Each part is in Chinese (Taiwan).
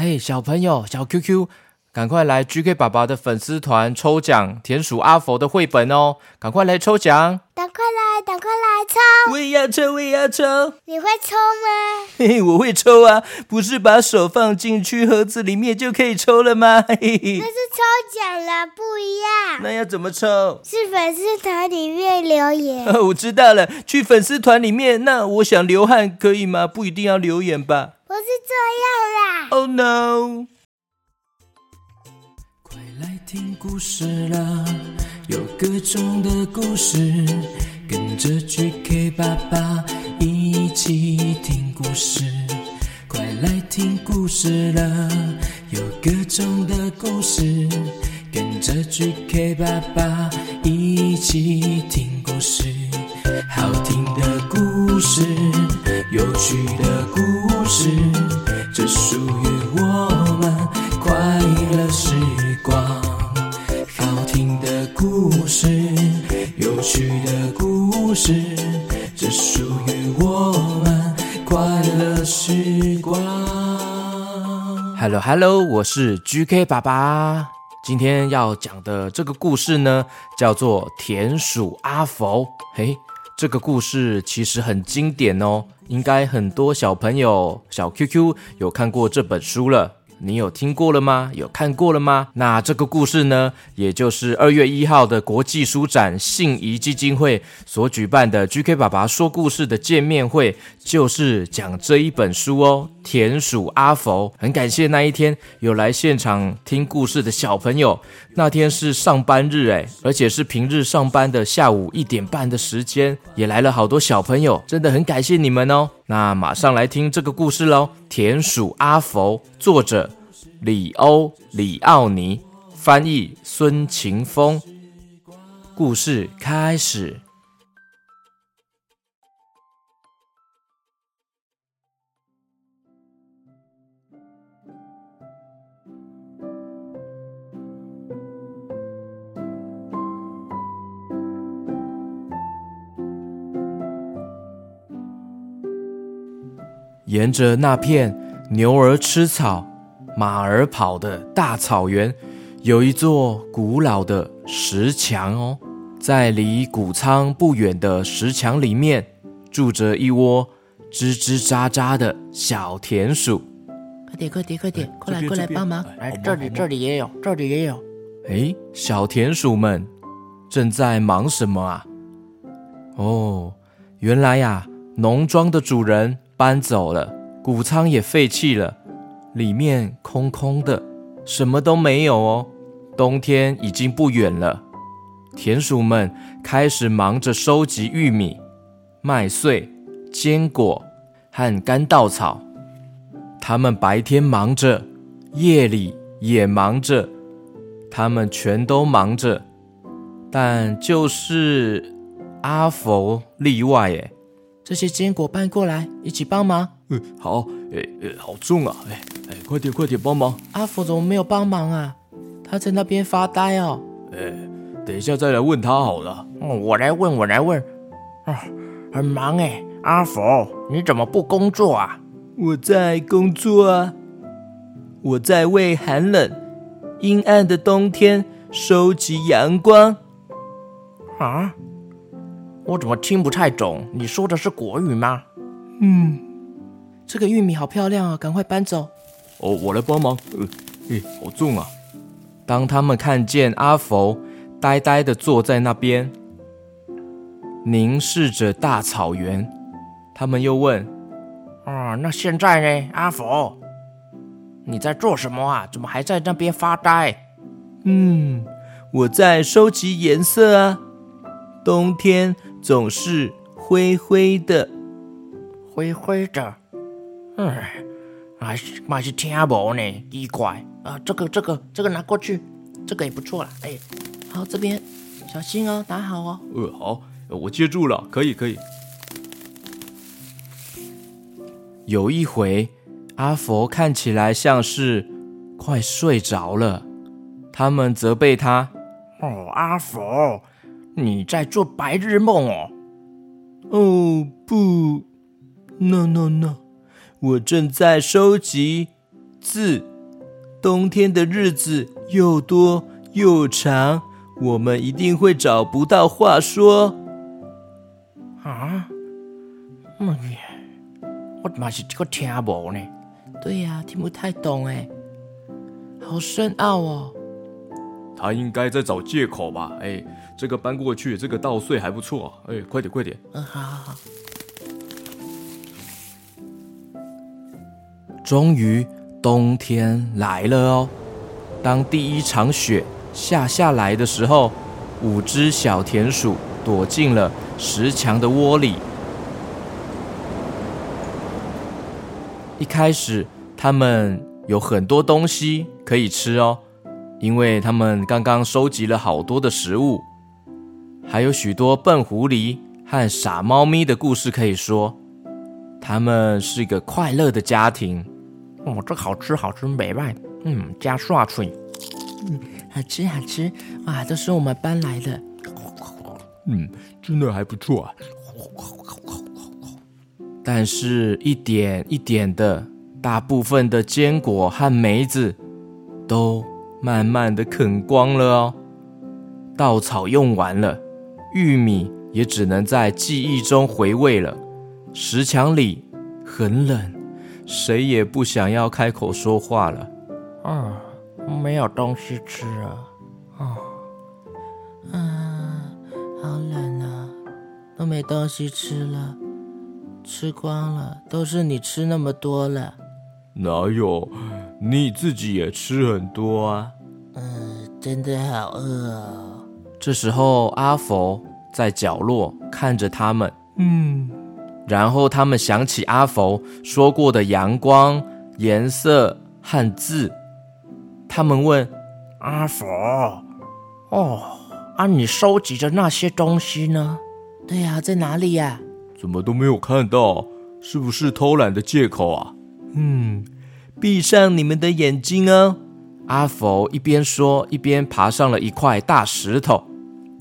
嘿，hey, 小朋友，小 QQ，趕快來 GK 爸爸的粉絲團抽獎《田鼠阿佛》的繪本哦！趕快來抽獎，趕快來，趕快來抽！我也要抽，我也要抽。你會抽嗎？嘿嘿，我會抽啊！不是把手放進去盒子裡面就可以抽了嗎？嘿嘿，這是抽獎了，不一樣。那要怎麼抽？是粉絲團裡面留言。 我知道了，去粉絲團裡面。那我想流汗可以嗎？不一定要留言吧。不是這樣啦，oh, no 快來聽故事了，有各種的故事，跟着 GK 爸爸一起聽故事。快來聽故事了，有各種的故事，跟着 GK 爸爸一起聽故事。好聽的故事，有趣的故事故事，故事這屬於我們快樂時光。好聽的故事，有趣的故事，這屬於我們快樂時光。Hello, hello, 我是 GK 爸爸。今天要講的這個故事呢，叫做《田鼠阿佛》。嘿，這個故事其實很經典哦。應該很多小朋友，小 QQ 有看過這本書了。你有聽過了嗎？有看過了嗎？那這個故事呢，也就是二月一號的國際書展信誼基金會所舉辦的 GK 爸爸說故事的見面會，就是講這一本書哦，《田鼠阿佛》。很感謝那一天有來現場聽故事的小朋友，那天是上班日誒，而且是平日上班的下午一點半的時間，也來了好多小朋友，真的很感謝你們哦。那馬上來聽這個故事嘍。田鼠阿佛，作者李歐·李奧尼，翻譯孫晴峰。故事開始。沿着那片牛兒吃草、馬兒跑的大草原，有一座古老的石牆哦。在離穀倉不遠的石牆裡面，住着一窩吱吱喳喳喳的小田鼠。快點，快點，快點，欸，這邊，過來，這邊。過來幫忙。來！這裡，這裡也有，這裡也有。哎，小田鼠們正在忙什麼啊？哦，原來呀，啊，農莊的主人。搬走了，穀倉也廢棄了，裡面空空的，什麼都沒有哦。冬天已經不遠了，田鼠們開始忙着收集玉米、麥穗、堅果和乾稻草。他們白天忙着，夜裡也忙着，他們全都忙着，但就是阿佛例外耶。這些堅果搬過來，一起幫忙。嗯，好。誒誒，好重啊！哎哎，快點快點幫忙！阿佛怎麼沒有幫忙啊？他在那邊發呆哦。誒，等一下再來問他好了。我來問，我來問。啊，很忙哎，阿佛，你怎麼不工作啊？我在工作啊，我在為寒冷陰暗的冬天收集陽光。啊？我怎麼聽不太懂？你說的是國語嗎？嗯，這個玉米好漂亮啊，趕快搬走。哦，我來幫忙。咦、呃，好重啊！當他們看見阿佛呆呆的坐在那邊，凝視着大草原，他們又問：“啊、呃，那現在呢，阿佛？你在做什麼啊？怎麼還在那邊發呆？”嗯，我在收集顏色啊。冬天。總是灰灰的，灰灰的，嗯，還是還是聽無呢，奇怪啊！這個這個這個拿過去，這個也不錯啦，哎，好，這邊小心哦，打好哦。呃，好，我接住了，可以可以。有一回，阿佛看起來像是快睡着了，他們責備他：“哦，阿佛。”你在做白日夢哦？哦，不，no no no，我正在收集字。冬天的日子又多又長，我們一定會找不到話說。啊？媽耶！我媽是這個聽無呢。對呀、啊，聽不太懂哎，好深奧哦。他應該在找借口吧？哎。這個搬過去，這個稻穗還不錯啊。哎，快點，快點！嗯，好好好。終於冬天來了哦。當第一場雪下下來的時候，五只小田鼠躲進了石牆的窩裡。一開始，他們有很多東西可以吃哦，因為他們剛剛收集了好多的食物。還有許多笨狐狸和傻貓咪的故事可以說，他們是一個快樂的家庭。哦，這好吃好吃美味，嗯，加刷筍，嗯，好吃好吃，哇、啊，都是我們搬來的。嗯，真的還不錯啊。但是，一點一點的，大部分的堅果和梅子都慢慢的啃光了哦，稻草用完了。玉米也只能在記憶中回味了。石牆裡很冷，誰也不想要開口說話了。嗯，啊，沒有東西吃啊。啊，啊，好冷啊，都沒東西吃了，吃光了，都是你吃那麼多了。哪有，你自己也吃很多啊。嗯，啊，真的好餓、哦。這時候，阿佛。在角落看着他們，嗯，然後他們想起阿佛說過的陽光、顏色、和字。他們問阿佛：“哦，阿、啊，你收集的那些東西呢？”“對呀、啊，在哪裡呀、啊？”“怎麼都沒有看到？是不是偷懶的借口啊？”“嗯，閉上你們的眼睛啊、哦！”阿佛一邊說，一邊爬上了一塊大石頭，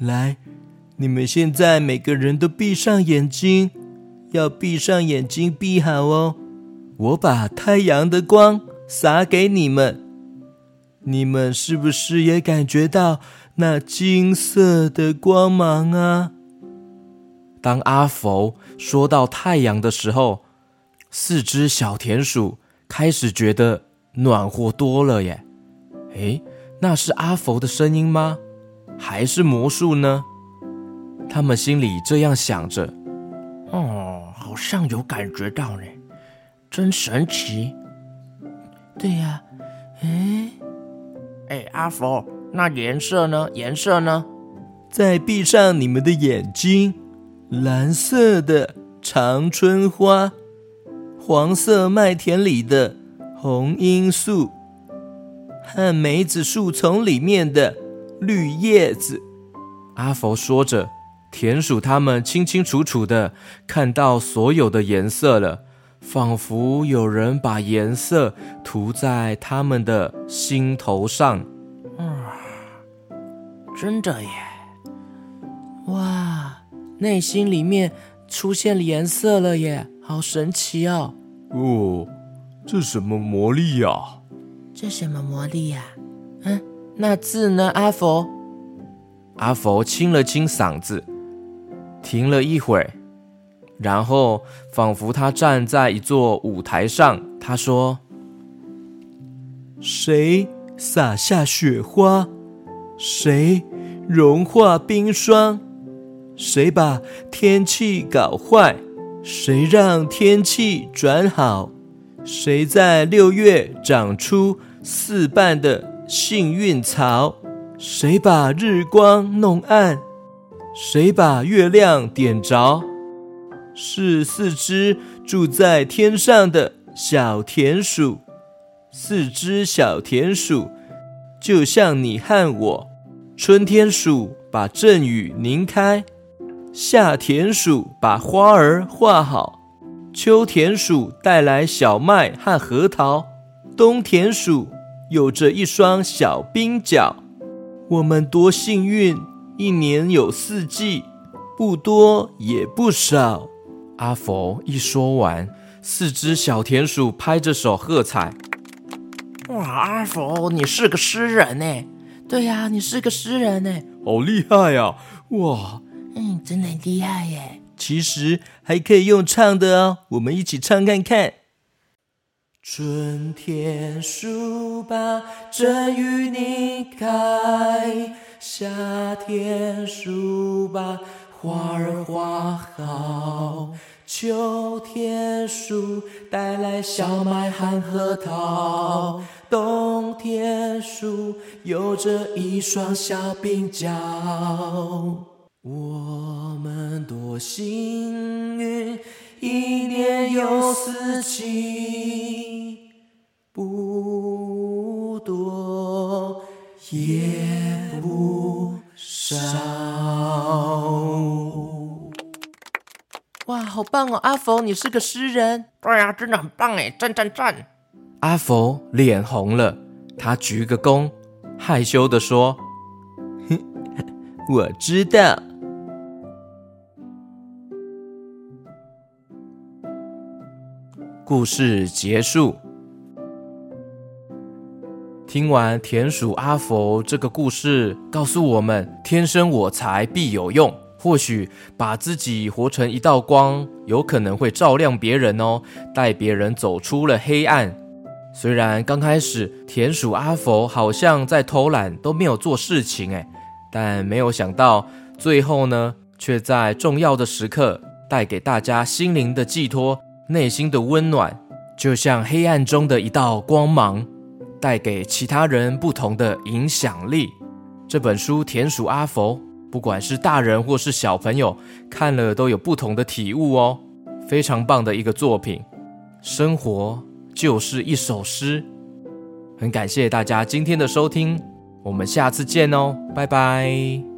來。你們現在每個人都閉上眼睛，要閉上眼睛閉好哦。我把太陽的光灑給你們，你們是不是也感覺到那金色的光芒啊？當阿佛說到太陽的時候，四隻小田鼠開始覺得暖和多了耶。誒，那是阿佛的聲音嗎？還是魔術呢？他們心裡這樣想着：“哦，好像有感覺到呢，真神奇。對啊”對呀，哎哎，阿佛，那顏色呢？顏色呢？再閉上你們的眼睛，藍色的長春花，黃色麥田裡的紅罌粟，和梅子樹叢裡面的綠葉子。阿佛說着。田鼠他們清清楚楚的看到所有的顏色了，仿佛有人把顏色塗在他們的心頭上。哇、嗯，真的耶！哇，內心裡面出現了顏色了耶，好神奇哦！哦，這什麼魔力呀、啊？這什麼魔力呀、啊？嗯，那字呢，阿佛？阿佛清了清嗓子。停了一會兒，然後仿佛他站在一座舞台上，他說：“誰撒下雪花？誰融化冰霜？誰把天氣搞壞？誰讓天氣轉好？誰在六月長出四瓣的幸運草？誰把日光弄暗？”誰把月亮點着？是四隻住在天上的小田鼠。四隻小田鼠，就像你和我。春天鼠把陣雨擰開，夏田鼠把花兒畫好，秋田鼠帶來小麥和核桃，冬田鼠有着一雙小冰腳。我們多幸運！一年有四季，不多也不少。阿佛一說完，四隻小田鼠拍着手喝彩。哇，阿佛，你是個詩人呢！對呀，你是個詩人呢，好厲害呀！哇，嗯，真的很厲害耶。其實還可以用唱的哦，我們一起唱看看。春天樹把春雨擰開，夏天樹把花兒畫好，秋天樹帶來小麥和核桃，冬天樹有着一雙小冰腳。我們多幸運！一年有四季，不多也不少。哇，好棒哦，阿佛，你是個詩人。對啊，真的很棒哎，讚讚讚！阿佛臉紅了，他鞠個躬，害羞地說：“我知道。”故事結束。聽完田鼠阿佛這個故事，告訴我們：天生我材必有用。或許把自己活成一道光，有可能會照亮別人哦，帶別人走出了黑暗。雖然剛開始田鼠阿佛好像在偷懶，都沒有做事情哎，但沒有想到最後呢，卻在重要的時刻帶給大家心靈的寄托。內心的溫暖，就像黑暗中的一道光芒，帶給其他人不同的影響力。這本書《田鼠阿佛》，不管是大人或是小朋友看了都有不同的體悟哦，非常棒的一個作品。生活就是一首詩，很感謝大家今天的收聽，我們下次見哦，拜拜。